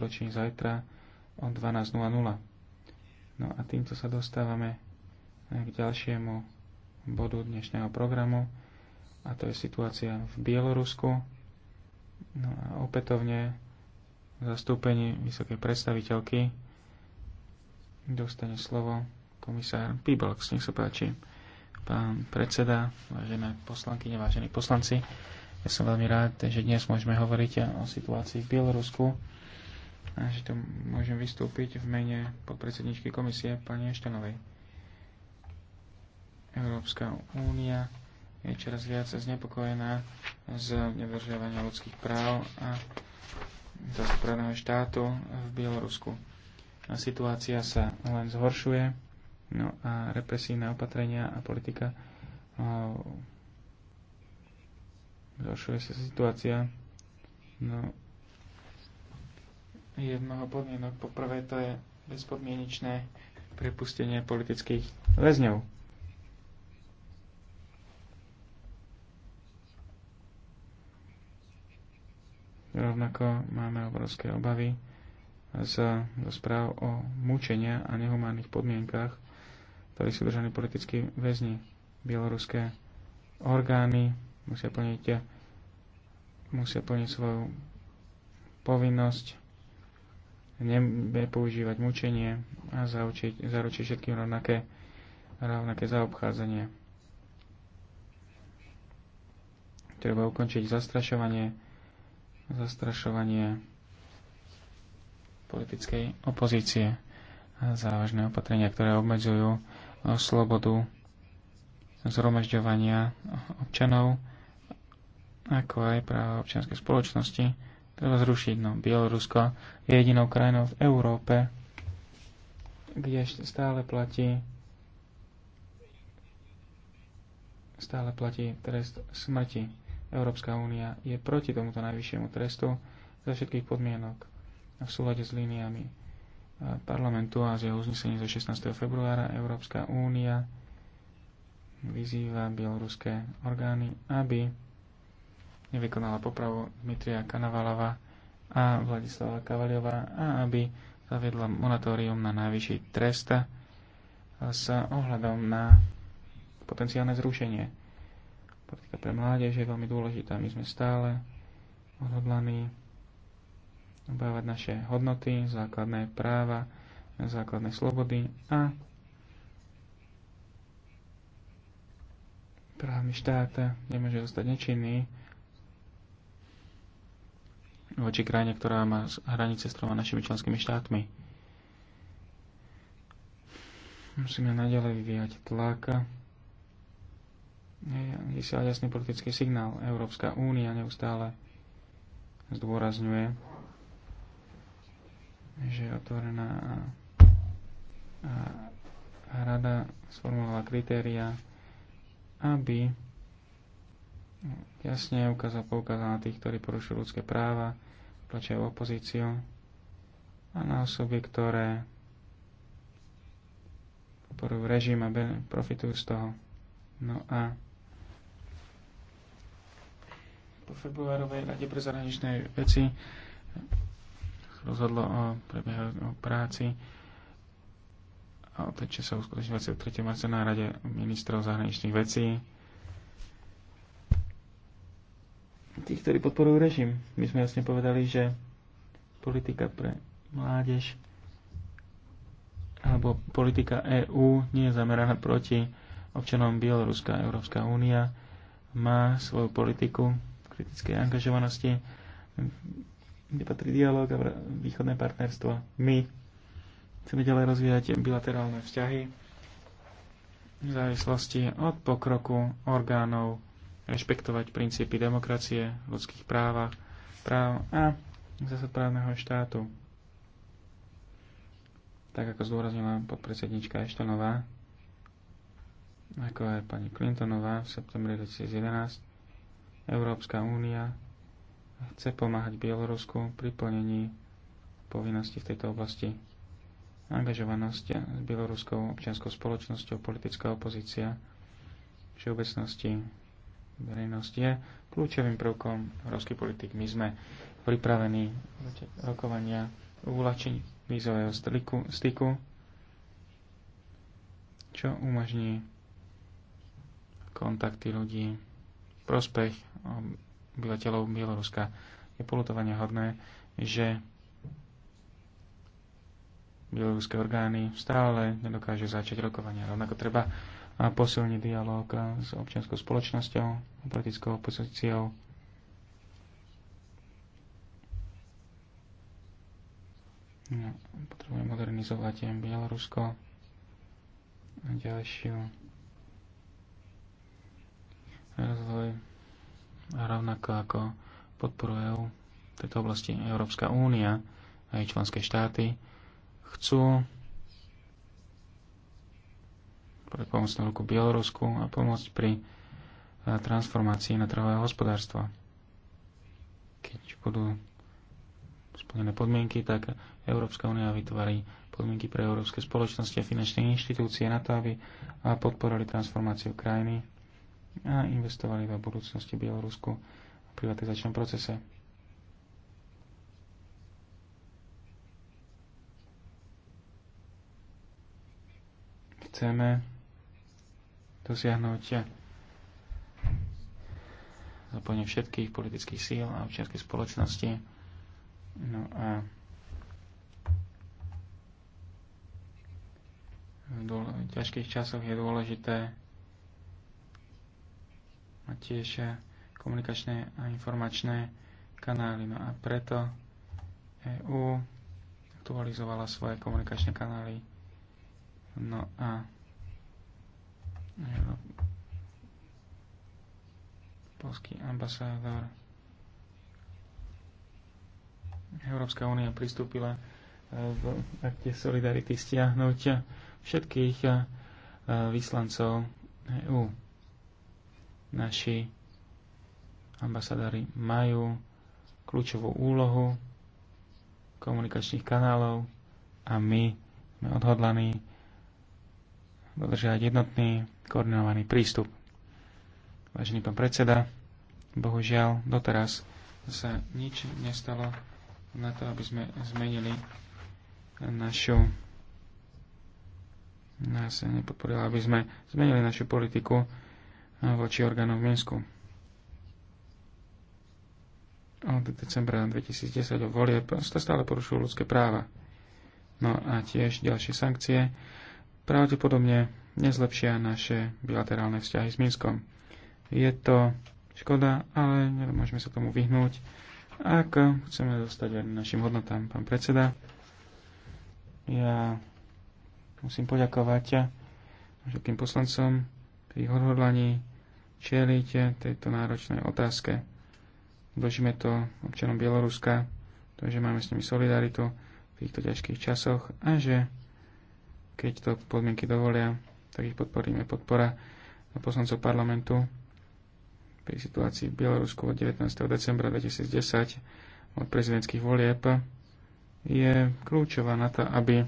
roční zajtra o 12.00. No a týmto sa dostávame eh, k ďalšiemu bodu dnešného programu a to je situácia v Bielorusku. No a opätovne zastúpenie vysokej predstaviteľky dostane slovo komisár Pibolx, Nech sa páči, pán predseda, vážené poslanky, vážení poslanci. Ja som veľmi rád, že dnes môžeme hovoriť o situácii v Bielorusku že to môžem vystúpiť v mene podpredsedničky komisie pani Eštenovej. Európska únia je čoraz viac znepokojená z nedržiavania ľudských práv a zastupraného štátu v Bielorusku. A situácia sa len zhoršuje, no a represívne opatrenia a politika zhoršuje sa situácia, no je mnoho podmienok. Poprvé to je bezpodmienečné prepustenie politických väzňov. Rovnako máme obrovské obavy z, za správ o mučenia a nehumánnych podmienkach, ktorí sú držaní politickí väzni. Bieloruské orgány musia plniť, musia plniť svoju povinnosť nebude používať mučenie a zaručiť, zaručiť všetkým rovnaké, rovnaké zaobchádzanie. Treba ukončiť zastrašovanie, zastrašovanie politickej opozície a závažné opatrenia, ktoré obmedzujú slobodu zhromažďovania občanov, ako aj práva občianskej spoločnosti, treba zrušiť. No, Bielorusko je jedinou krajinou v Európe, kde stále platí stále platí trest smrti. Európska únia je proti tomuto najvyššiemu trestu za všetkých podmienok v súlade s líniami parlamentu a z jeho uznesení zo 16. februára Európska únia vyzýva bieloruské orgány, aby nevykonala popravu Dmitria Kanavalava a Vladislava Kavaliova a aby zaviedla moratórium na najvyšší trest s ohľadom na potenciálne zrušenie. Politika pre mládež je veľmi dôležitá. My sme stále odhodlaní obávať naše hodnoty, základné práva, základné slobody a právny štát nemôže zostať nečinný voči krajine, ktorá má hranice s troma našimi členskými štátmi. Musíme naďalej vyvíjať tlak. Vysiela jasný politický signál. Európska únia neustále zdôrazňuje, že je otvorená a, a rada sformulovala kritéria, aby jasne ukázal, poukázal na tých, ktorí porušujú ľudské práva, tlačia opozíciu a na osoby, ktoré podporujú režim a profitujú z toho. No a po februárovej rade pre zahraničné veci rozhodlo o, prebieha, o práci a opäť, to, čo sa uskutoční marca na rade ministrov zahraničných vecí. tých, ktorí podporujú režim. My sme jasne povedali, že politika pre mládež alebo politika EÚ nie je zameraná proti občanom Bieloruska. Európska únia má svoju politiku kritickej angažovanosti, kde patrí dialog a východné partnerstvo. My chceme ďalej rozvíjať bilaterálne vzťahy v závislosti od pokroku orgánov rešpektovať princípy demokracie, ľudských práv, práv a zásad právneho štátu. Tak ako zdôraznila podpredsednička Eštonová, ako aj pani Clintonová v septembri 2011, Európska únia chce pomáhať Bielorusku pri plnení povinností v tejto oblasti. Angažovanosť s bieloruskou občianskou spoločnosťou, politická opozícia, všeobecnosti verejnosť je kľúčovým prvkom európskej politik. My sme pripravení rokovania uľačiť vízového styku, čo umožní kontakty ľudí, prospech obyvateľov Bieloruska. Je polutovania hodné, že bieloruské orgány stále nedokážu začať rokovania. Rovnako treba a posilní dialog s občianskou spoločnosťou, a politickou opozíciou. No, potrebujeme modernizovať Bielorusko a ďalšiu rozvoj a rovnako ako podporujú v tejto oblasti Európska únia a jej členské štáty chcú pre pomocnú ruku Bielorusku a pomôcť pri e, transformácii na trhové hospodárstvo. Keď budú splnené podmienky, tak Európska únia vytvorí podmienky pre európske spoločnosti a finančné inštitúcie na to, aby podporili transformáciu krajiny a investovali do budúcnosti Bielorusku v privatizačnom procese. Chceme dosiahnutia zapojenie všetkých politických síl a občianskej spoločnosti. No a v ťažkých časoch je dôležité mať tiež komunikačné a informačné kanály. No a preto EÚ aktualizovala svoje komunikačné kanály. No a polský ambasádor Európska únia pristúpila e, v akte solidarity stiahnuť všetkých e, vyslancov EU. Naši ambasadári majú kľúčovú úlohu komunikačných kanálov a my sme odhodlaní dodržiavať jednotný, koordinovaný prístup. Vážený pán predseda, bohužiaľ doteraz sa nič nestalo na to, aby sme zmenili našu nás nepodporila, aby sme zmenili našu politiku voči orgánom v Minsku. Od decembra 2010 o volieb sa stále porušujú ľudské práva. No a tiež ďalšie sankcie pravdepodobne nezlepšia naše bilaterálne vzťahy s Minskom. Je to škoda, ale nemôžeme sa tomu vyhnúť, ak chceme dostať aj našim hodnotám, pán predseda. Ja musím poďakovať všetkým poslancom pri odhodlaní čeliť tejto náročnej otázke. Dlžíme to občanom Bieloruska, to, že máme s nimi solidaritu v týchto ťažkých časoch a že keď to podmienky dovolia, tak ich podporíme. Podpora poslancov parlamentu pri situácii v Bielorusku od 19. decembra 2010 od prezidentských volieb je kľúčová na to, aby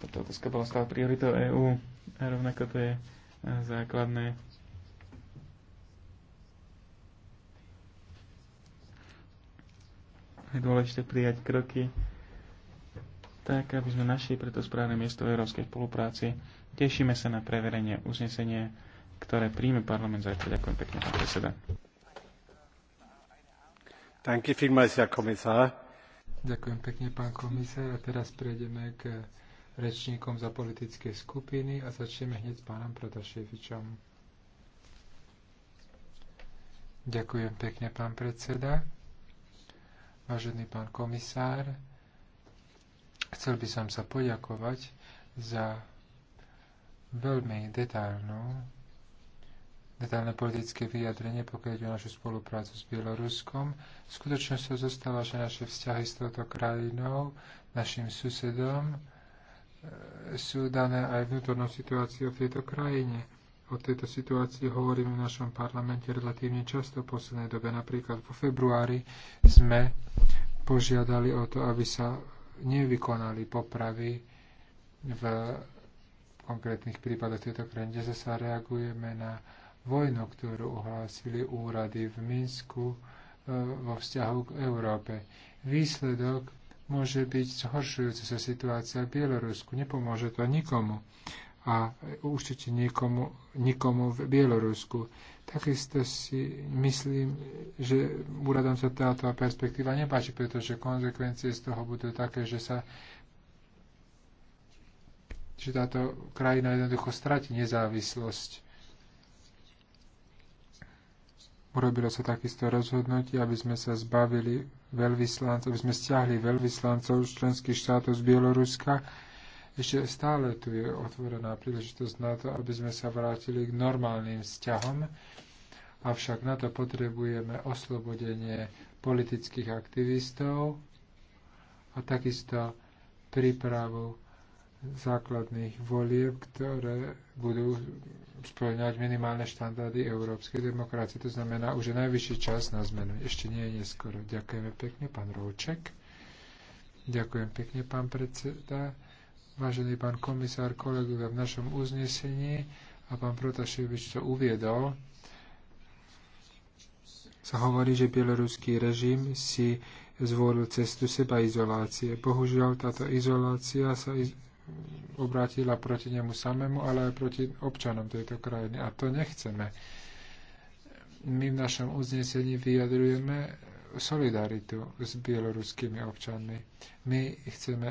táto otázka bola stále prioritou EÚ a rovnako to je základné je dôležité prijať kroky tak aby sme našli preto správne miesto v európskej spolupráci. Tešíme sa na preverenie uznesenie, ktoré príjme parlament zajtra. Ďakujem pekne, pán predseda. Ďakujem pekne, pán komisár. A teraz prejdeme k rečníkom za politické skupiny a začneme hneď s pánom Protaševičom. Ďakujem pekne, pán predseda. Vážený pán komisár, Chcel by som sa poďakovať za veľmi detálnu, detailné politické vyjadrenie, pokiaľ ide o našu spoluprácu s Bieloruskom. sa zostáva, že naše vzťahy s touto krajinou, našim susedom, e, sú dané aj vnútornou situáciou v tejto krajine. O tejto situácii hovoríme v našom parlamente relatívne často v poslednej dobe. Napríklad vo februári sme požiadali o to, aby sa nevykonali popravy v konkrétnych prípadoch tejto krajiny. Zase sa reagujeme na vojnu, ktorú ohlásili úrady v Minsku e, vo vzťahu k Európe. Výsledok môže byť zhoršujúca sa situácia v Bielorusku. Nepomôže to nikomu a určite nikomu, nikomu v Bielorusku. Takisto si myslím, že úradom sa táto perspektíva nepáči, pretože konsekvencie z toho budú také, že sa že táto krajina jednoducho stratí nezávislosť. Urobilo sa takisto rozhodnutie, aby sme sa zbavili veľvyslancov, aby sme stiahli veľvyslancov členských štátov z Bieloruska, ešte stále tu je otvorená príležitosť na to, aby sme sa vrátili k normálnym vzťahom, avšak na to potrebujeme oslobodenie politických aktivistov a takisto prípravu základných volieb, ktoré budú spĺňať minimálne štandardy európskej demokracie. To znamená, už je najvyšší čas na zmenu. Ešte nie je neskoro. Ďakujeme pekne, pán Rouček. Ďakujem pekne, pán predseda. Vážený pán komisár, kolegovia, v našom uznesení a pán Protaševič to uviedol, sa hovorí, že bieloruský režim si zvolil cestu seba izolácie. Bohužiaľ, táto izolácia sa iz- obrátila proti nemu samému, ale aj proti občanom tejto krajiny. A to nechceme. My v našom uznesení vyjadrujeme solidaritu s bieloruskými občanmi. My chceme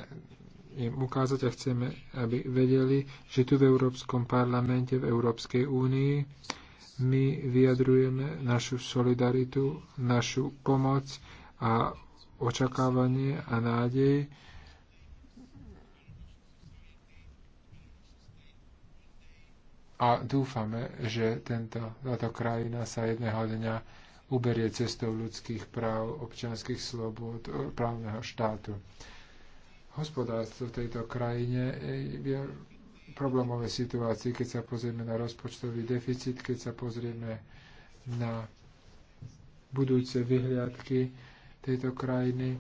im ukázať a chceme, aby vedeli, že tu v Európskom parlamente, v Európskej únii, my vyjadrujeme našu solidaritu, našu pomoc a očakávanie a nádej, a dúfame, že tento, táto krajina sa jedného dňa uberie cestou ľudských práv, občianských slobod, právneho štátu hospodárstvo v tejto krajine e, je v problémovej situácii, keď sa pozrieme na rozpočtový deficit, keď sa pozrieme na budúce vyhliadky tejto krajiny.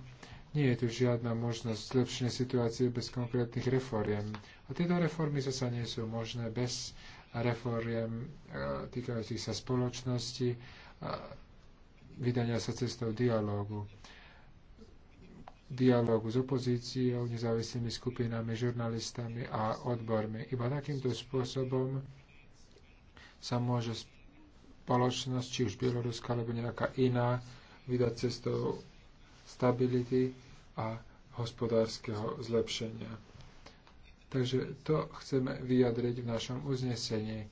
Nie je tu žiadna možnosť zlepšenia situácie bez konkrétnych reforiem. A tieto reformy zase nie sú možné bez reforiem e, týkajúcich sa spoločnosti a vydania sa cestou dialógu dialógu s opozíciou, nezávislými skupinami, žurnalistami a odbormi. Iba takýmto spôsobom sa môže spoločnosť, či už Bieloruska alebo nejaká iná, vydať cestou stability a hospodárskeho zlepšenia. Takže to chceme vyjadriť v našom uznesení.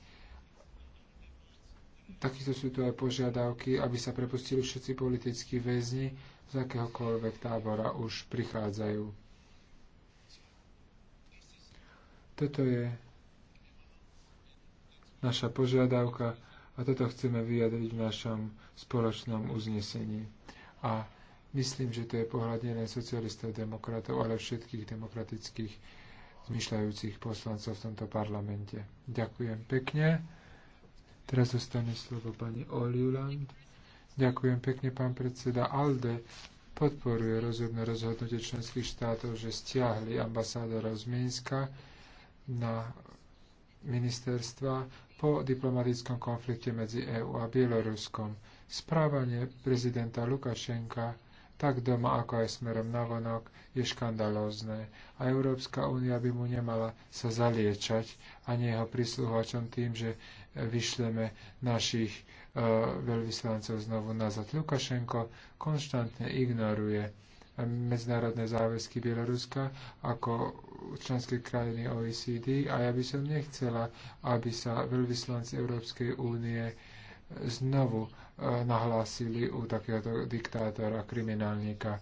Takisto sú tu aj požiadavky, aby sa prepustili všetci politickí väzni, z akéhokoľvek tábora už prichádzajú. Toto je naša požiadavka a toto chceme vyjadriť v našom spoločnom uznesení. A myslím, že to je pohľadené socialistov, demokratov, ale všetkých demokratických zmyšľajúcich poslancov v tomto parlamente. Ďakujem pekne. Teraz zostane slovo pani Oliuland. Ďakujem pekne, pán predseda Alde podporuje rozhodné rozhodnutie členských štátov, že stiahli ambasádora z Minska na ministerstva po diplomatickom konflikte medzi EÚ a Bieloruskom. Správanie prezidenta Lukašenka tak doma ako aj smerom na vonok je škandalózne a Európska únia by mu nemala sa zaliečať ani jeho prísluhačom tým, že vyšleme našich e, veľvyslancov znovu nazad. Lukašenko konštantne ignoruje medzinárodné záväzky Bieloruska ako členské krajiny OECD a ja by som nechcela, aby sa veľvyslanci Európskej únie znovu e, nahlásili u takéhoto diktátora, kriminálnika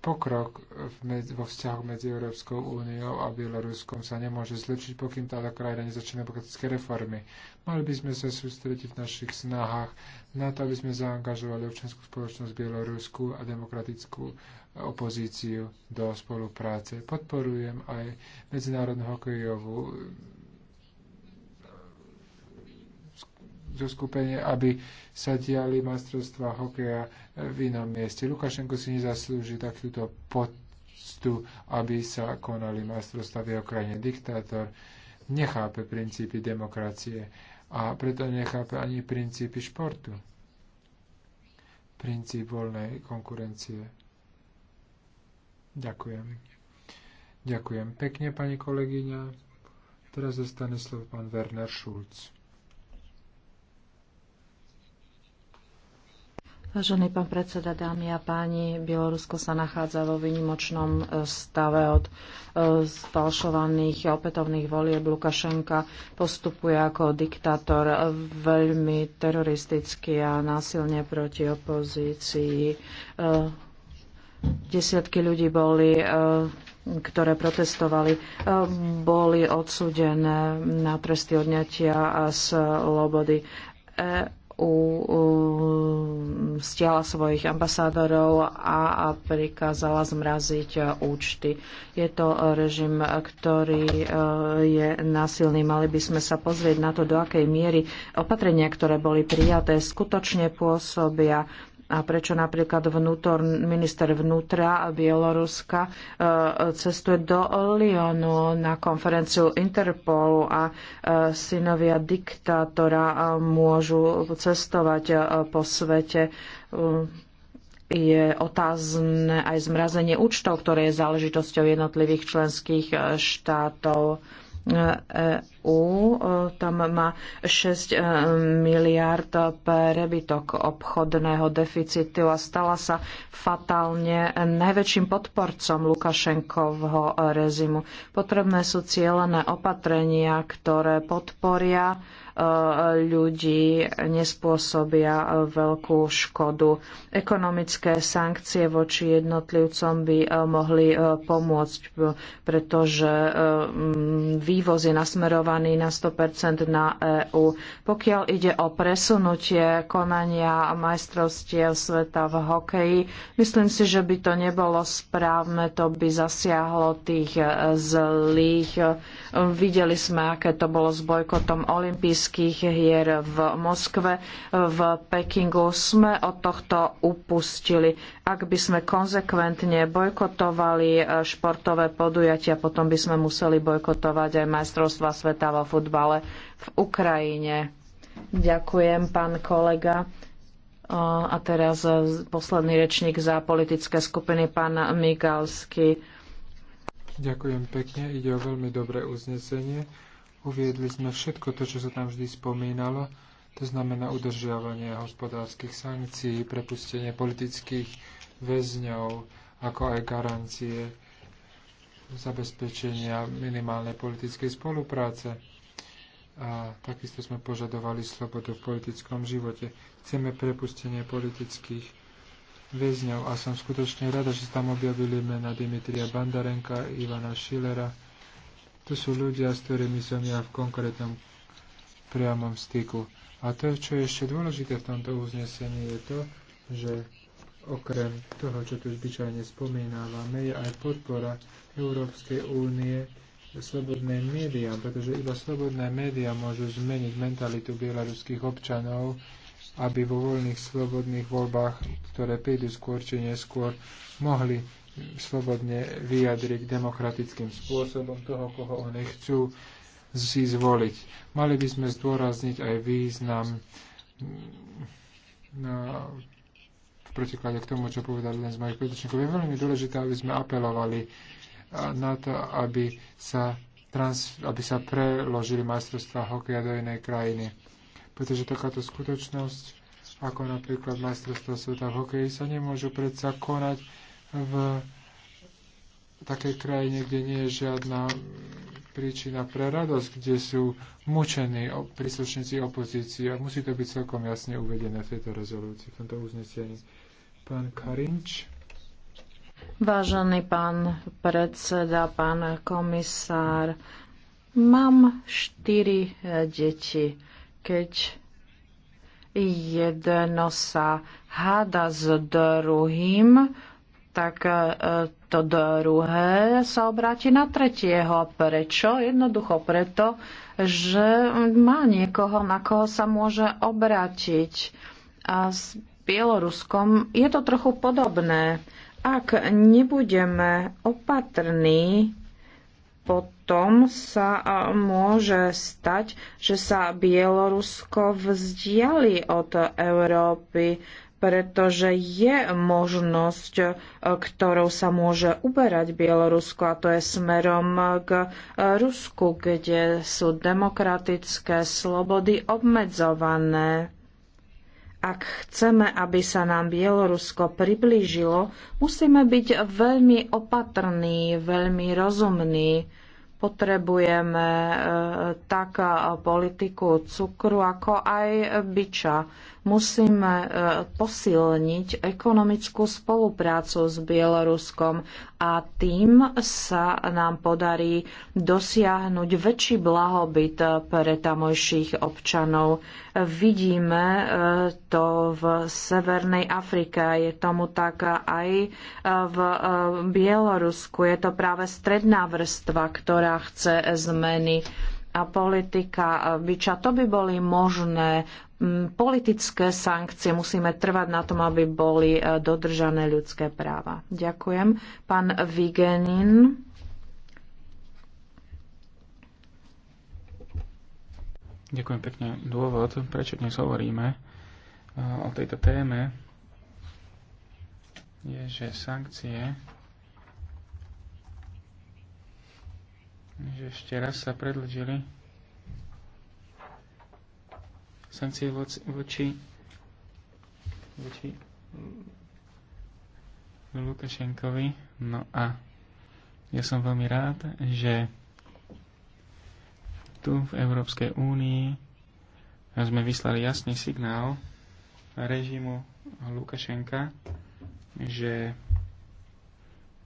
pokrok med, vo vzťahu medzi Európskou úniou a Bieloruskom sa nemôže zlepšiť, pokým táto krajina nezačne demokratické reformy. Mali by sme sa sústrediť v našich snahách na to, aby sme zaangažovali občianskú spoločnosť Bielorusku a demokratickú opozíciu do spolupráce. Podporujem aj Medzinárodnú hokejovú zoskupenie, aby sa diali majstrovstvá hokeja eh, v inom mieste. Lukašenko si nezaslúži takúto poctu, aby sa konali majstrovstvá v jeho krajine. Diktátor nechápe princípy demokracie a preto nechápe ani princípy športu. Princíp voľnej konkurencie. Ďakujem. Ďakujem pekne, pani kolegyňa. Teraz zostane slovo pán Werner Schulz. Vážený pán predseda, dámy a páni, Bielorusko sa nachádza vo výnimočnom e, stave od e, spalšovaných opätovných volieb. Lukašenka postupuje ako diktátor e, veľmi teroristicky a násilne proti opozícii. Desiatky ľudí boli ktoré protestovali, boli odsudené na tresty odňatia a slobody. EÚ stiala svojich ambasádorov a prikázala zmraziť e, účty. Je to režim, ktorý e, je násilný. Mali by sme sa pozrieť na to, do akej miery opatrenia, ktoré boli prijaté, skutočne pôsobia a prečo napríklad vnútor, minister vnútra Bieloruska e, cestuje do Lyonu na konferenciu Interpolu a e, synovia diktátora e, môžu cestovať po svete je otázne aj zmrazenie účtov, ktoré je záležitosťou jednotlivých členských štátov. EU e e, tam má 6 e, miliard prebytok obchodného deficitu a stala sa fatálne najväčším podporcom Lukašenkovho rezimu. Potrebné sú cieľené opatrenia, ktoré podporia ľudí nespôsobia veľkú škodu. Ekonomické sankcie voči jednotlivcom by eh, mohli eh, pomôcť, pretože eh, mm, vývoz je nasmerovaný na 100% na EÚ. Pokiaľ ide o presunutie konania majstrovstiev sveta v hokeji, myslím si, že by to nebolo správne, to by zasiahlo tých zlých. Videli sme, aké to bolo s bojkotom olympijských olympijských hier v Moskve, v Pekingu, sme od tohto upustili. Ak by sme konzekventne bojkotovali eh, športové podujatia, potom by sme museli bojkotovať aj majstrovstva sveta vo futbale v Ukrajine. Ďakujem, pán kolega. Eh, a teraz eh, posledný rečník za politické skupiny, pán Migalsky. Ďakujem pekne, ide o veľmi dobré uznesenie Uviedli sme všetko to, čo sa tam vždy spomínalo, to znamená udržiavanie hospodárskych sankcií, prepustenie politických väzňov, ako aj garancie zabezpečenia minimálnej politickej spolupráce. A takisto sme požadovali slobodu v politickom živote. Chceme prepustenie politických väzňov a som skutočne rada, že tam objavili mena Dimitria Bandarenka, Ivana Šilera, to sú ľudia, s ktorými som ja v konkrétnom priamom styku. A to, čo je ešte dôležité v tomto uznesení, je to, že okrem toho, čo tu zvyčajne spomínávame, je aj podpora Európskej únie slobodné médiá, pretože iba slobodné médiá môžu zmeniť mentalitu bieloruských občanov, aby vo voľných slobodných voľbách, ktoré prídu skôr či neskôr, mohli slobodne vyjadriť demokratickým spôsobom toho, koho oni chcú si zvoliť. Mali by sme zdôrazniť aj význam mm, na, v protiklade k tomu, čo povedal jeden z mojich predrečníkov. Je veľmi dôležité, aby sme apelovali na to, aby sa, trans, aby sa preložili majstrovstvá hokeja do inej krajiny. Pretože takáto skutočnosť, ako napríklad majstrovstvá sveta v hokeji, sa nemôžu predsa konať v takej krajine, kde nie je žiadna príčina pre radosť, kde sú mučení príslušníci opozície. A musí to byť celkom jasne uvedené v tejto rezolúcii, v tomto uznesení. Pán Karinč. Vážený pán predseda, pán komisár, mám štyri e, deti. Keď jedno sa háda s druhým, tak e, to druhé sa obráti na tretieho. Prečo? Jednoducho preto, že má niekoho, na koho sa môže obrátiť. A s Bieloruskom je to trochu podobné. Ak nebudeme opatrní, potom sa e, môže stať, že sa Bielorusko vzdiali od Európy pretože je možnosť, e, ktorou sa môže uberať Bielorusko a to je smerom k e, Rusku, kde sú demokratické slobody obmedzované. Ak chceme, aby sa nám Bielorusko priblížilo, musíme byť veľmi opatrní, veľmi rozumní. Potrebujeme e, tak politiku cukru, ako aj byča Musíme e, posilniť ekonomickú spoluprácu s Bieloruskom a tým sa nám podarí dosiahnuť väčší blahobyt pre tamojších občanov. Vidíme e, to v Severnej Afrike, je tomu tak aj e, v Bielorusku. Je to práve stredná vrstva, ktorá chce zmeny a politika byča. To by boli možné mm, politické sankcie. Musíme trvať na tom, aby boli e, dodržané ľudské práva. Ďakujem. Pán Vigenin. Ďakujem pekne. Dôvod, prečo dnes hovoríme e, o tejto téme, je, že sankcie že ešte raz sa predlžili sankcie voči, voči Lukašenkovi. No a ja som veľmi rád, že tu v Európskej únii sme vyslali jasný signál režimu Lukašenka, že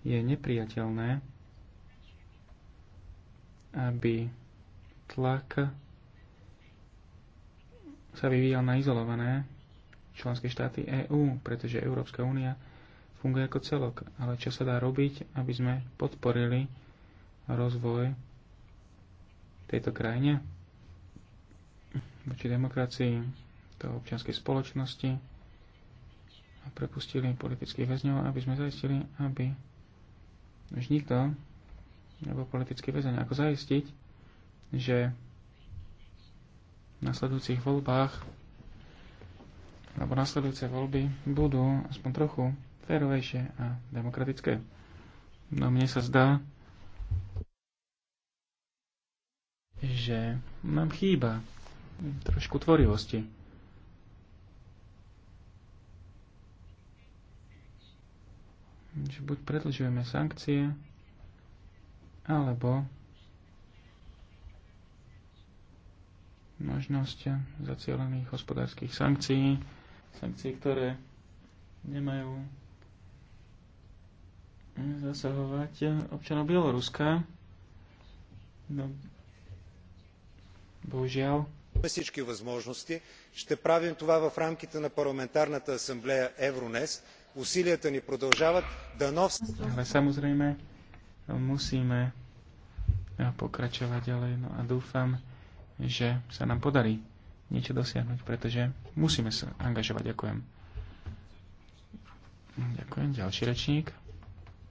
je nepriateľné, aby tlak sa vyvíjal na izolované členské štáty EÚ, pretože Európska únia funguje ako celok. Ale čo sa dá robiť, aby sme podporili rozvoj tejto krajine voči demokracii, do občianskej spoločnosti a prepustili politických väzňov, aby sme zaistili, aby už nikto alebo politické väzeň. Ako zaistiť, že v nasledujúcich voľbách alebo nasledujúce voľby budú aspoň trochu férovejšie a demokratické. No mne sa zdá, že nám chýba trošku tvorivosti. Že buď predlžujeme sankcie, alebo možnosť zacielených hospodárskych sankcií, sankcií, ktoré nemajú zasahovať občanov Bieloruska. No, bohužiaľ. Всички възможности ще правим това в рамките на парламентарната асамблея Евронес. Усилията ни продължават да нов... Ale samozrejme, musíme pokračovať ďalej. No a dúfam, že sa nám podarí niečo dosiahnuť, pretože musíme sa angažovať. Ďakujem. Ďakujem. Ďalší rečník.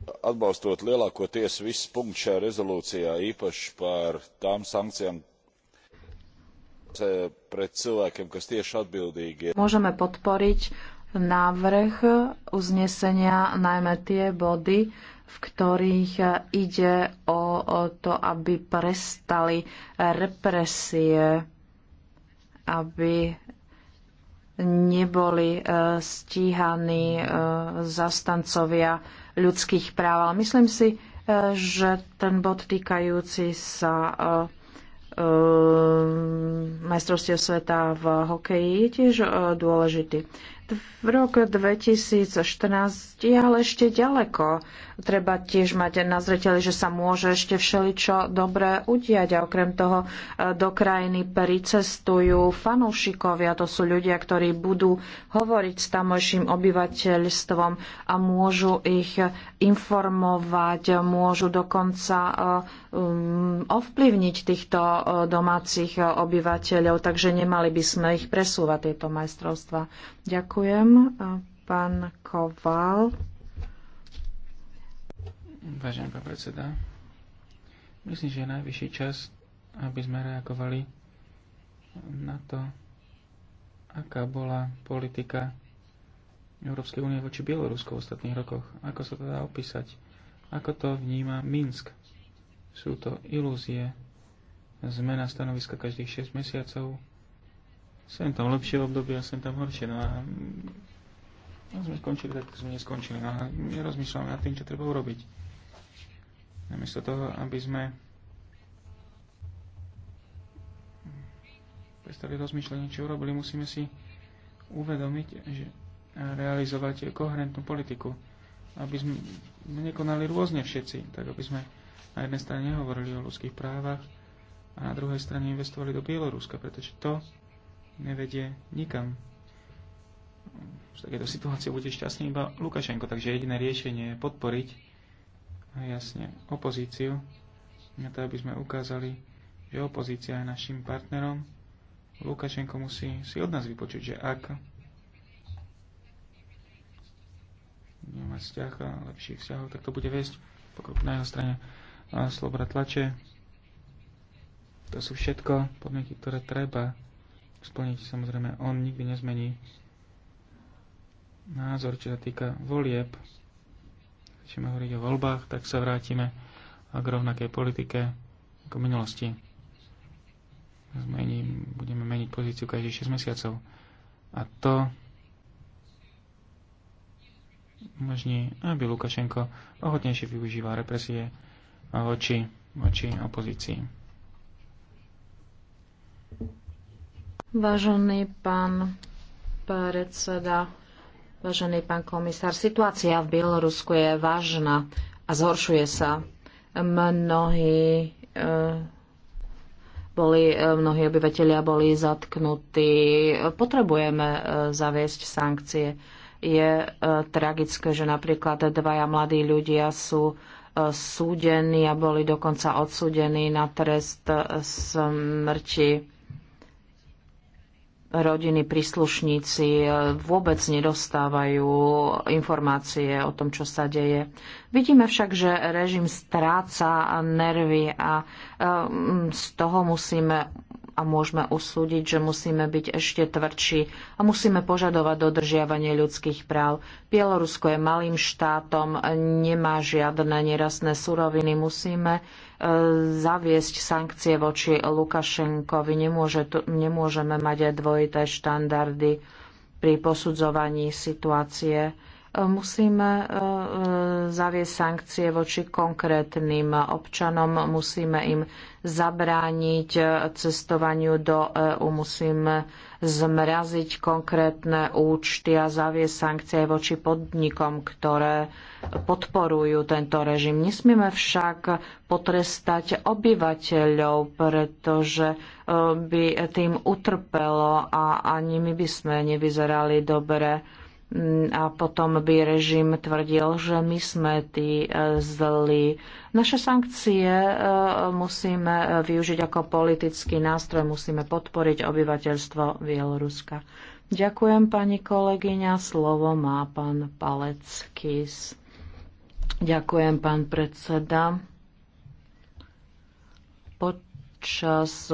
Atbalstot lielākoties viss punkts šajā rezolūcijā, īpaši par tām sankcijām eh, pred cilvēkiem, kas tieši atbildīgi. Môžeme podporiť návrh uznesenia, najmä tie body, v ktorých ide o to, aby prestali represie, aby neboli e, stíhaní e, zastancovia ľudských práv. Ale myslím si, e, že ten bod týkajúci sa majstrovstiev sveta v hokeji je tiež dôležitý. V roku 2014 je ale ešte ďaleko. Treba tiež mať na zreteli, že sa môže ešte všeličo dobré udiať a okrem toho e, do krajiny pricestujú fanúšikovia. To sú ľudia, ktorí budú hovoriť s tamojším obyvateľstvom a môžu ich informovať, môžu dokonca e, mm, ovplyvniť týchto e, domácich obyvateľov, takže nemali by sme ich presúvať, tieto majstrovstva. Ďakujem. Ďakujem. E, pán Koval. Vážený pán predseda, myslím, že je najvyšší čas, aby sme reagovali na to, aká bola politika Európskej únie voči Bielorusku v ostatných rokoch. Ako sa to dá opísať? Ako to vníma Minsk? Sú to ilúzie, zmena stanoviska každých 6 mesiacov, Sem tam lepšie obdobie a sem tam horšie. No a no sme skončili tak, sme neskončili. No a nerozmýšľame nad tým, čo treba urobiť. Namiesto toho, aby sme prestali rozmýšľať, čo urobili, musíme si uvedomiť, že realizovať koherentnú politiku. Aby sme nekonali rôzne všetci, tak aby sme na jednej strane nehovorili o ľudských právach a na druhej strane investovali do Bieloruska, pretože to nevedie nikam. V takéto situácie bude šťastný iba Lukašenko, takže jediné riešenie je podporiť jasne opozíciu, na to, aby sme ukázali, že opozícia je našim partnerom. Lukašenko musí si od nás vypočuť, že ak nemá vzťah a lepších vzťahov, tak to bude viesť pokrok na jeho strane sloboda tlače. To sú všetko podmienky, ktoré treba splniť. Samozrejme, on nikdy nezmení názor, čo sa týka volieb. Začneme hovoriť o voľbách, tak sa vrátime k rovnakej politike ako v minulosti. Zmením, budeme meniť pozíciu každých 6 mesiacov. A to umožní, aby Lukašenko ohodnejšie využíval represie voči, voči opozícii. Vážený pán predseda, vážený pán komisár, situácia v Bielorusku je vážna a zhoršuje sa. Mnohí e, boli, e, mnohí obyvateľia boli zatknutí. Potrebujeme e, zaviesť sankcie. Je tragické, že napríklad dvaja mladí ľudia sú súdení a boli dokonca odsúdení na trest smrti rodiny, príslušníci e, vôbec nedostávajú informácie o tom, čo sa deje. Vidíme však, že režim stráca nervy a e, z toho musíme a môžeme usúdiť, že musíme byť ešte tvrdší a musíme požadovať dodržiavanie ľudských práv. Bielorusko je malým štátom, nemá žiadne nerastné suroviny. Musíme zaviesť sankcie voči Lukašenkovi. Nemôže, nemôžeme mať dvojité štandardy pri posudzovaní situácie. Musíme e, e, zaviesť sankcie voči konkrétnym občanom, musíme im zabrániť e, cestovaniu do EÚ, musíme zmraziť konkrétne účty a zaviesť sankcie voči podnikom, ktoré podporujú tento režim. Nesmieme však potrestať obyvateľov, pretože e, by tým utrpelo a ani my by sme nevyzerali dobre a potom by režim tvrdil, že my sme tí e, zlí. Naše sankcie e, musíme e, využiť ako politický nástroj, musíme podporiť obyvateľstvo Bieloruska. Ďakujem, pani kolegyňa. Slovo má pán Paleckis. Ďakujem, pán predseda. Počas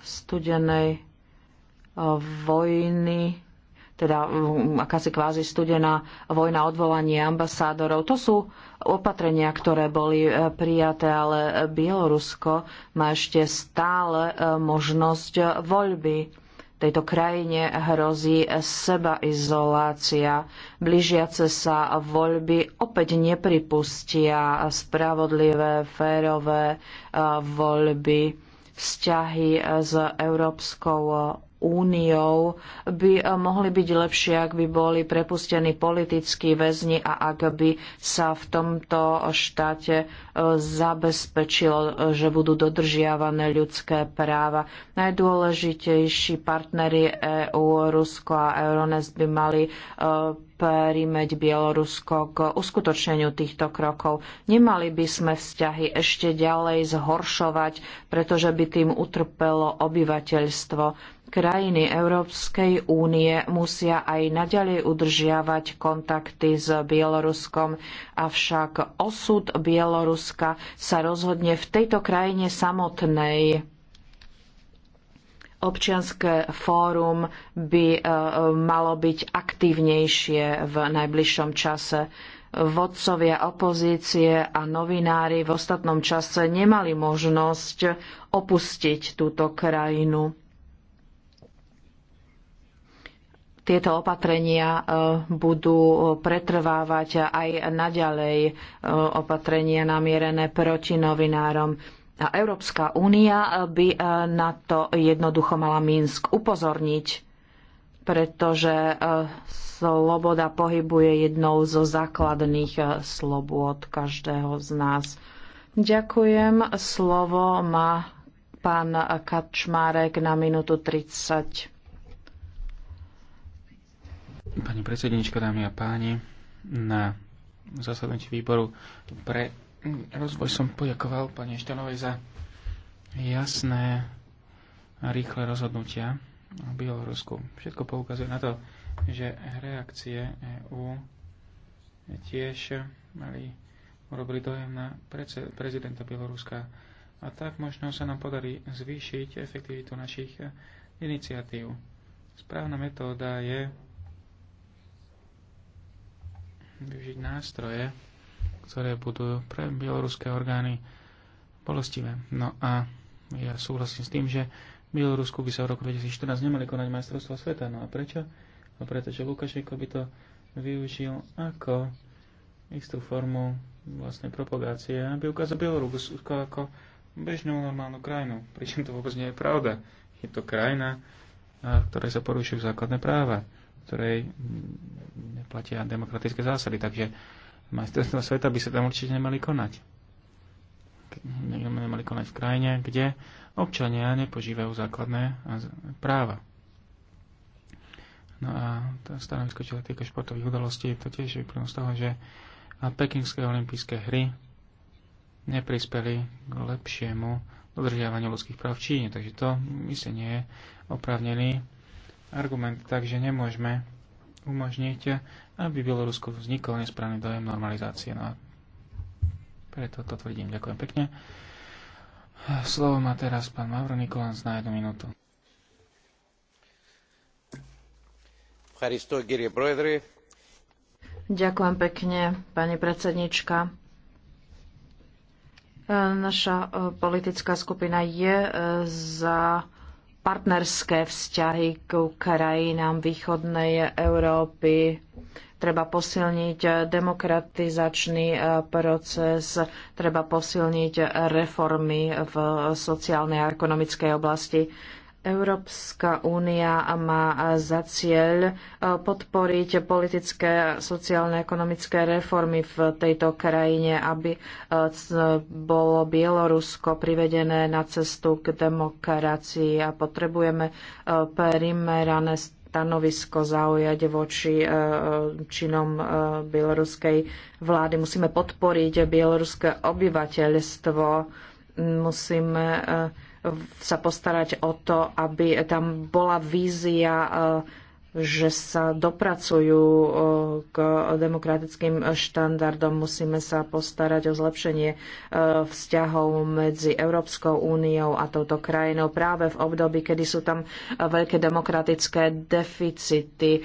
studenej vojny teda mm, akási kvázi studená vojna odvolanie ambasádorov. To sú opatrenia, ktoré boli e, prijaté, ale Bielorusko má ešte stále e, možnosť voľby. Tejto krajine hrozí sebaizolácia. Blížiace sa voľby opäť nepripustia spravodlivé, férové e, voľby vzťahy s Európskou úniou by eh, mohli byť lepšie, ak by boli prepustení politickí väzni a ak by sa v tomto štáte eh, zabezpečilo, eh, že budú dodržiavané ľudské práva. Najdôležitejší partnery EÚ, Rusko a Euronest by mali prímeť Bielorusko k uskutočneniu týchto krokov. Nemali by sme vzťahy ešte ďalej zhoršovať, pretože by tým utrpelo obyvateľstvo. Krajiny Európskej únie musia aj naďalej udržiavať kontakty s Bieloruskom, avšak osud Bieloruska sa rozhodne v tejto krajine samotnej občianske fórum by e, malo byť aktívnejšie v najbližšom čase. Vodcovia opozície a novinári v ostatnom čase nemali možnosť opustiť túto krajinu. tieto opatrenia e, budú pretrvávať aj naďalej e, opatrenia namierené proti novinárom. A Európska únia by e, na to jednoducho mala Minsk upozorniť, pretože sloboda pohybu je jednou zo základných slobôd každého z nás. Ďakujem. Slovo má pán Kačmárek na minútu 30. Pani predsednička, dámy a páni, na zasadnutí výboru pre rozvoj som poďakoval pani Štanovej za jasné a rýchle rozhodnutia v Bielorusku. Všetko poukazuje na to, že reakcie EÚ tiež mali, urobili dojem na prezidenta Bieloruska. A tak možno sa nám podarí zvýšiť efektivitu našich iniciatív. Správna metóda je využiť nástroje, ktoré budú pre bieloruské orgány bolestivé. No a ja súhlasím s tým, že v Bielorusku by sa v roku 2014 nemali konať majstrovstvo sveta. No a prečo? No pretože Lukašenko by to využil ako istú formu vlastnej propagácie, aby ukázal Bielorusko ako bežnú normálnu krajinu. Pričom to vôbec nie je pravda. Je to krajina, ktorá sa porušujú základné práva ktorej neplatia demokratické zásady. Takže majstrovstvá sveta by sa tam určite nemali konať. Nemali konať v krajine, kde občania nepožívajú základné práva. No a tá stanovisko, čo sa týka športových udalostí, to tiež vyplnú z toho, že pekingské olympijské hry neprispeli k lepšiemu dodržiavaniu ľudských práv v Číne. Takže to myslím nie je oprávnený argument, takže nemôžeme umožniť, aby Bielorusko vznikol nesprávny dojem normalizácie. No a preto to tvrdím. Ďakujem pekne. Slovo má teraz pán Mavro Nikolans na jednu minútu. Ďakujem pekne, pani predsednička. Naša eh, politická skupina je eh, za partnerské vzťahy k krajinám východnej Európy. Treba posilniť demokratizačný e, proces, treba posilniť reformy v sociálnej a ekonomickej oblasti. Európska únia má za cieľ e, podporiť politické, sociálne, ekonomické reformy v tejto krajine, aby e, bolo Bielorusko privedené na cestu k demokracii a potrebujeme e, primerané stanovisko zaujať voči činom bieloruskej vlády. Musíme podporiť bieloruské obyvateľstvo, musíme sa postarať o to, aby tam bola vízia e, že sa dopracujú e, k demokratickým štandardom. Musíme sa postarať o zlepšenie e, vzťahov medzi Európskou úniou a touto krajinou práve v období, kedy sú tam veľké demokratické deficity.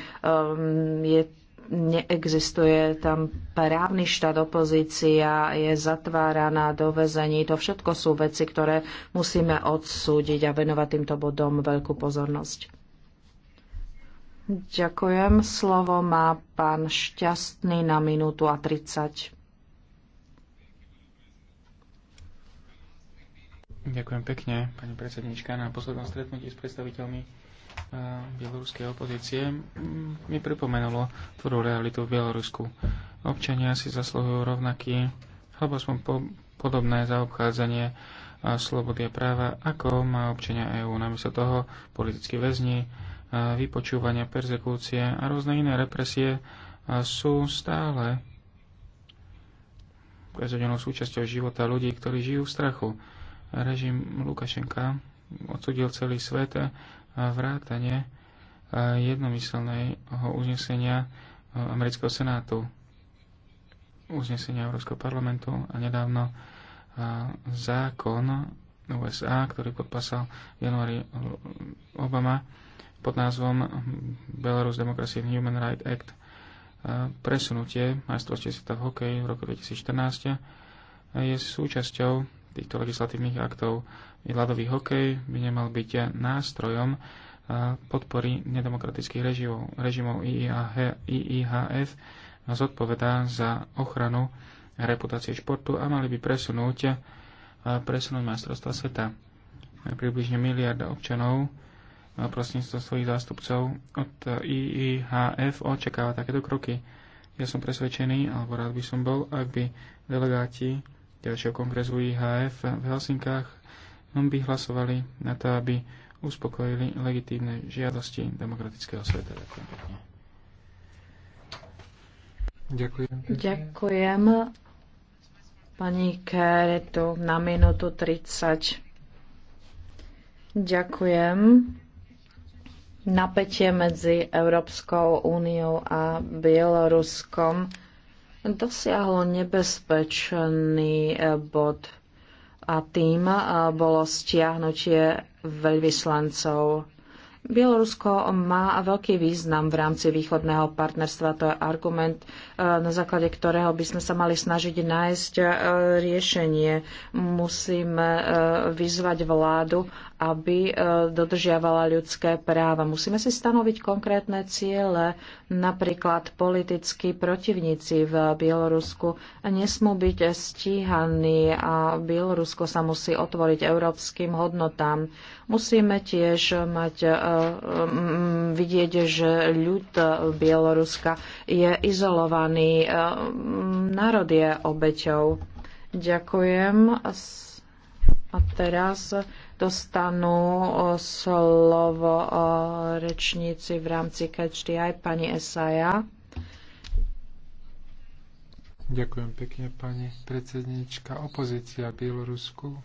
Je neexistuje tam právny štát, opozícia je zatváraná do väzení. To všetko sú veci, ktoré musíme odsúdiť a venovať týmto bodom veľkú pozornosť. Ďakujem. Slovo má pán Šťastný na minútu a 30. Ďakujem pekne, pani predsednička. Na poslednom stretnutí s predstaviteľmi bieloruskej opozície mi pripomenulo tvorú realitu v Bielorusku. Občania si zasluhujú rovnaký alebo aspoň po, podobné zaobchádzanie a slobody a práva, ako má občania EÚ. Namiesto toho politickí väzni, vypočúvania, persekúcie a rôzne iné represie sú stále každodennou súčasťou života ľudí, ktorí žijú v strachu. Režim Lukašenka odsudil celý svet vrátane e, jednomyselného uznesenia e, amerického senátu, uznesenia Európskeho parlamentu a nedávno e, zákon USA, ktorý podpasal v januári Obama pod názvom Belarus Democracy and Human Rights Act presunutie majstrovstiev sveta v hokeji v roku 2014 je súčasťou týchto legislatívnych aktov. Ľadový hokej by nemal byť nástrojom podpory nedemokratických režimov. Režimov IIHF zodpovedá za ochranu reputácie športu a mali by presunúť, presunúť majstrovstva sveta. Približne miliarda občanov prostredníctvom svojich zástupcov od e, IIHF očakáva takéto kroky. Ja som presvedčený, alebo rád by som bol, ak by delegáti ďalšieho kongresu IHF v Helsinkách by hlasovali na to, aby uspokojili legitívne žiadosti demokratického sveta. Ďakujem Ďakujem. Ďakujem. Pani Kéretu, na minútu 30. Ďakujem. Napätie medzi Európskou úniou a Bieloruskom dosiahlo nebezpečný eh, bod a tým eh, bolo stiahnutie veľvyslancov Bielorusko má veľký význam v rámci východného partnerstva. To je argument, e, na základe ktorého by sme sa mali snažiť nájsť e, riešenie. Musíme e, vyzvať vládu, aby dodržiavala ľudské práva. Musíme si stanoviť konkrétne ciele. Napríklad politickí protivníci v Bielorusku nesmú byť stíhaní a Bielorusko sa musí otvoriť európskym hodnotám. Musíme tiež mať vidieť, že ľud Bieloruska je izolovaný. E, Národ je obeťou. Ďakujem. A teraz dostanú slovo e, rečníci v rámci Catch aj pani Esaja. Ďakujem pekne, pani predsednička. Opozícia Bielorusku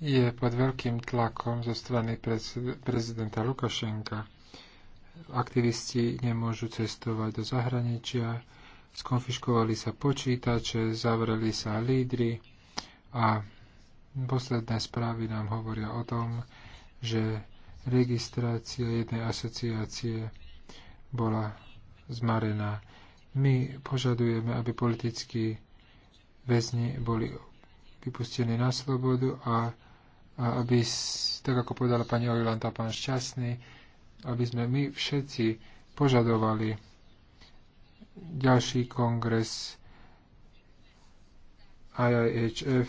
je pod veľkým tlakom zo strany prezidenta Lukašenka. Aktivisti nemôžu cestovať do zahraničia, skonfiškovali sa počítače, zavreli sa lídry a posledné správy nám hovoria o tom, že registrácia jednej asociácie bola zmarená. My požadujeme, aby politickí väzni boli vypustení na slobodu a a aby, tak ako povedala pani Ojulant a pán Šťastný, aby sme my všetci požadovali ďalší kongres IIHF,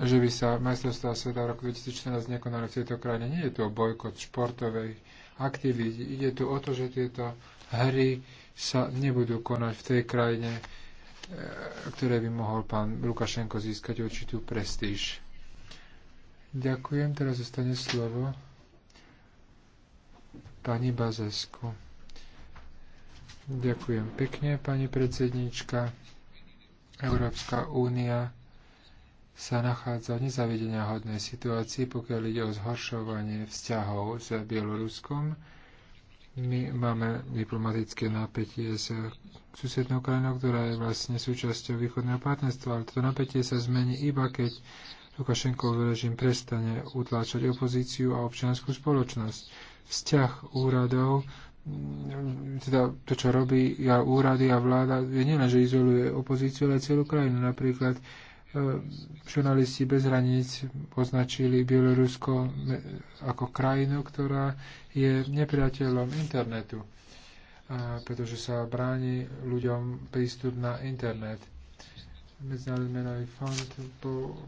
že by sa majstrovstvá sveta v roku 2014 nekonali v tejto krajine. Nie je to bojkot športovej aktivity. Ide tu o to, že tieto hry sa nebudú konať v tej krajine, E, ktoré by mohol pán Lukašenko získať určitú prestíž. Ďakujem, teraz zostane slovo pani Bazesku. Ďakujem pekne, pani predsednička. Európska únia sa nachádza v nezavedenia hodnej situácii, pokiaľ ide o zhoršovanie vzťahov s Bieloruskom. My máme diplomatické napätie s susednou krajinou, ktorá je vlastne súčasťou východného partnerstva, ale to napätie sa zmení iba keď Lukašenkov režim prestane utláčať opozíciu a občianskú spoločnosť. Vzťah úradov, mm, teda to, čo robí ja, úrady a vláda, je nielen, že izoluje opozíciu, ale aj celú krajinu. Napríklad e, žurnalisti bez hraníc označili Bielorusko ako krajinu, ktorá je nepriateľom internetu pretože sa bráni ľuďom prístup na internet. Medzinárodný menový fond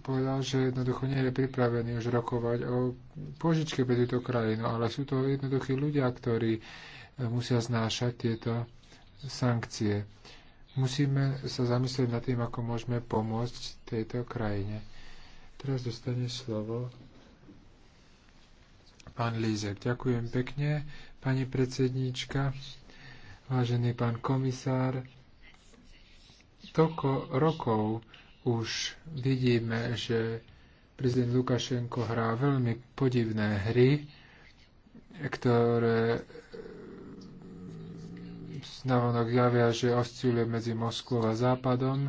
povedal, že jednoducho nie je pripravený už rokovať o požičke pre túto krajinu, ale sú to jednoduchí ľudia, ktorí e, musia znášať tieto sankcie. Musíme sa zamyslieť nad tým, ako môžeme pomôcť tejto krajine. Teraz dostane slovo pán Lízek. Ďakujem pekne, pani predsedníčka vážený pán komisár. Toľko rokov už vidíme, že prezident Lukašenko hrá veľmi podivné hry, ktoré eh, navonok javia, že osciluje medzi Moskvou a Západom,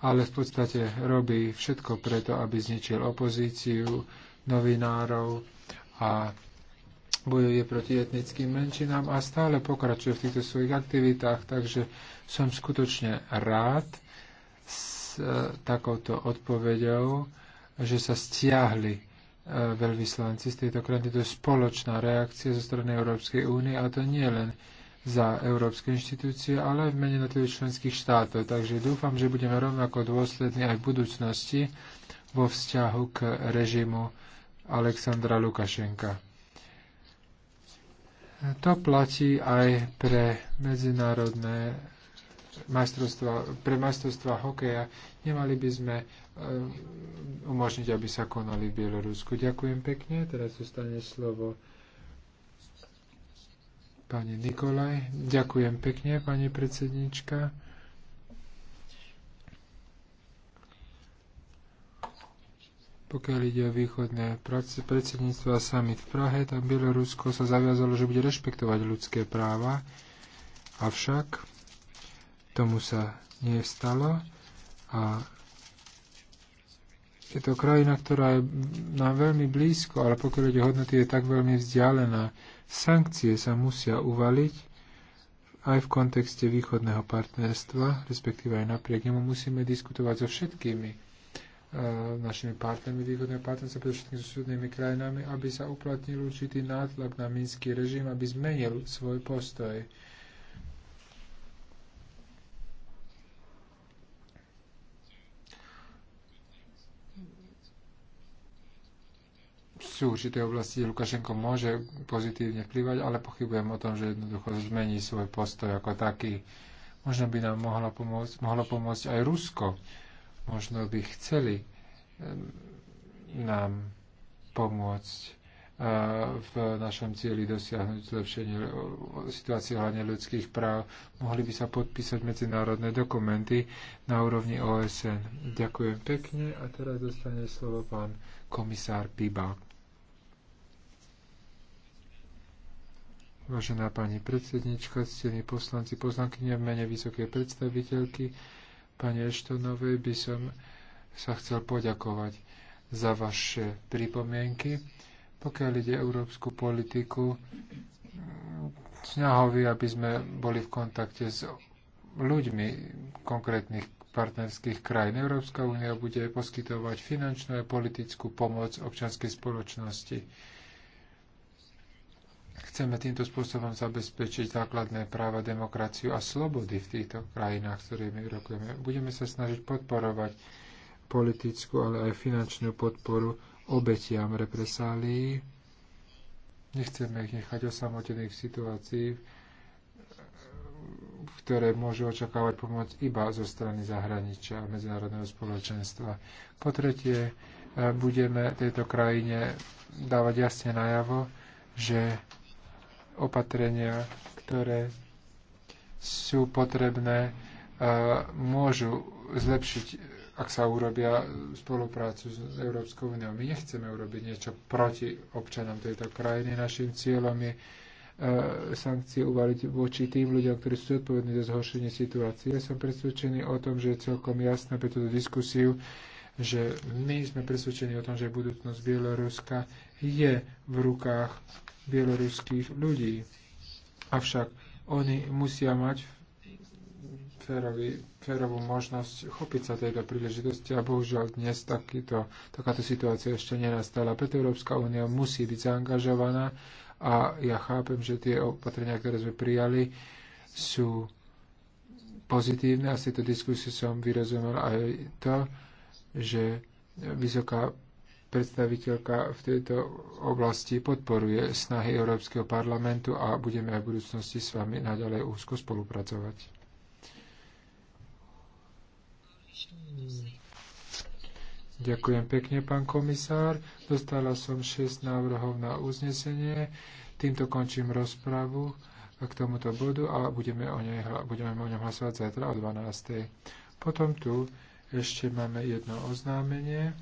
ale v podstate robí všetko preto, aby zničil opozíciu, novinárov a bojuje proti etnickým menšinám a stále pokračuje v týchto svojich aktivitách, takže som skutočne rád s e, takouto odpoveďou, že sa stiahli e, veľvyslanci z tejto krajiny. To je spoločná reakcia zo strany Európskej únie a to nie len za európske inštitúcie, ale aj v mene jednotlivých členských štátov. Takže dúfam, že budeme rovnako dôslední aj v budúcnosti vo vzťahu k režimu Alexandra Lukašenka. To platí aj pre medzinárodné majstrovstva, pre majstrovstva hokeja. Nemali by sme e, umožniť, aby sa konali v Bielorusku. Ďakujem pekne. Teraz zostane slovo pani Nikolaj. Ďakujem pekne, pani predsednička. pokiaľ ide o východné predsedníctvo a summit v Prahe, tam Bielorusko sa zaviazalo, že bude rešpektovať ľudské práva, avšak tomu sa nestalo a je to krajina, ktorá je nám veľmi blízko, ale pokiaľ ide hodnoty, je tak veľmi vzdialená. Sankcie sa musia uvaliť aj v kontexte východného partnerstva, respektíve aj napriek nemu musíme diskutovať so všetkými E, našimi partnermi východnými partnermi, sa predovšetkým súdnymi krajinami, aby sa uplatnil určitý nátlak na minský režim, aby zmenil svoj postoj. sú určité oblasti, kde Lukašenko môže pozitívne vplyvať, ale pochybujem o tom, že jednoducho zmení svoj postoj ako taký. Možno by nám mohlo pomôcť, mohlo pomôcť aj Rusko, možno by chceli nám pomôcť e, v našom cieli dosiahnuť zlepšenie e, situácie hľadne ľudských práv. Mohli by sa podpísať medzinárodné dokumenty na úrovni OSN. Ďakujem pekne a teraz dostane slovo pán komisár Pibák. Vážená pani predsednička, ctení poslanci, poslankyne v mene vysokej predstaviteľky, Pane Eštonovej by som sa chcel poďakovať za vaše pripomienky. Pokiaľ ide európsku politiku, snahovi, aby sme boli v kontakte s ľuďmi konkrétnych partnerských krajín. Európska únia bude poskytovať finančnú a politickú pomoc občanskej spoločnosti Chceme týmto spôsobom zabezpečiť základné práva, demokraciu a slobody v týchto krajinách, ktoré ktorými rokujeme. Budeme sa snažiť podporovať politickú, ale aj finančnú podporu obetiam represálií. Nechceme ich nechať osamotených v situácii, ktoré môžu očakávať pomoc iba zo strany zahraničia a medzinárodného spoločenstva. Po tretie, eh, budeme tejto krajine dávať jasne najavo, že opatrenia, ktoré sú potrebné, môžu zlepšiť ak sa urobia spoluprácu s Európskou úniou. My nechceme urobiť niečo proti občanom tejto krajiny. Našim cieľom je e, sankcie uvaliť voči tým ľuďom, ktorí sú odpovední za zhoršenie situácie. Ja som presvedčený o tom, že je celkom jasné pre túto diskusiu, že my sme presvedčení o tom, že budúcnosť Bieloruska je v rukách bieloruských ľudí. Avšak oni musia mať férový, férovú možnosť chopiť sa tejto príležitosti a bohužiaľ dnes takýto, takáto situácia ešte nenastala. Preto Európska únia musí byť zaangažovaná a ja chápem, že tie opatrenia, ktoré sme prijali, sú pozitívne. Asi to diskusiu som vyrozumel aj to, že vysoká predstaviteľka v tejto oblasti podporuje snahy Európskeho parlamentu a budeme aj v budúcnosti s vami naďalej úzko spolupracovať. Ďakujem pekne, pán komisár. Dostala som 6 návrhov na uznesenie. Týmto končím rozpravu k tomuto bodu a budeme o, nej, budeme o ňom hlasovať zajtra o 12. Potom tu ešte máme jedno oznámenie.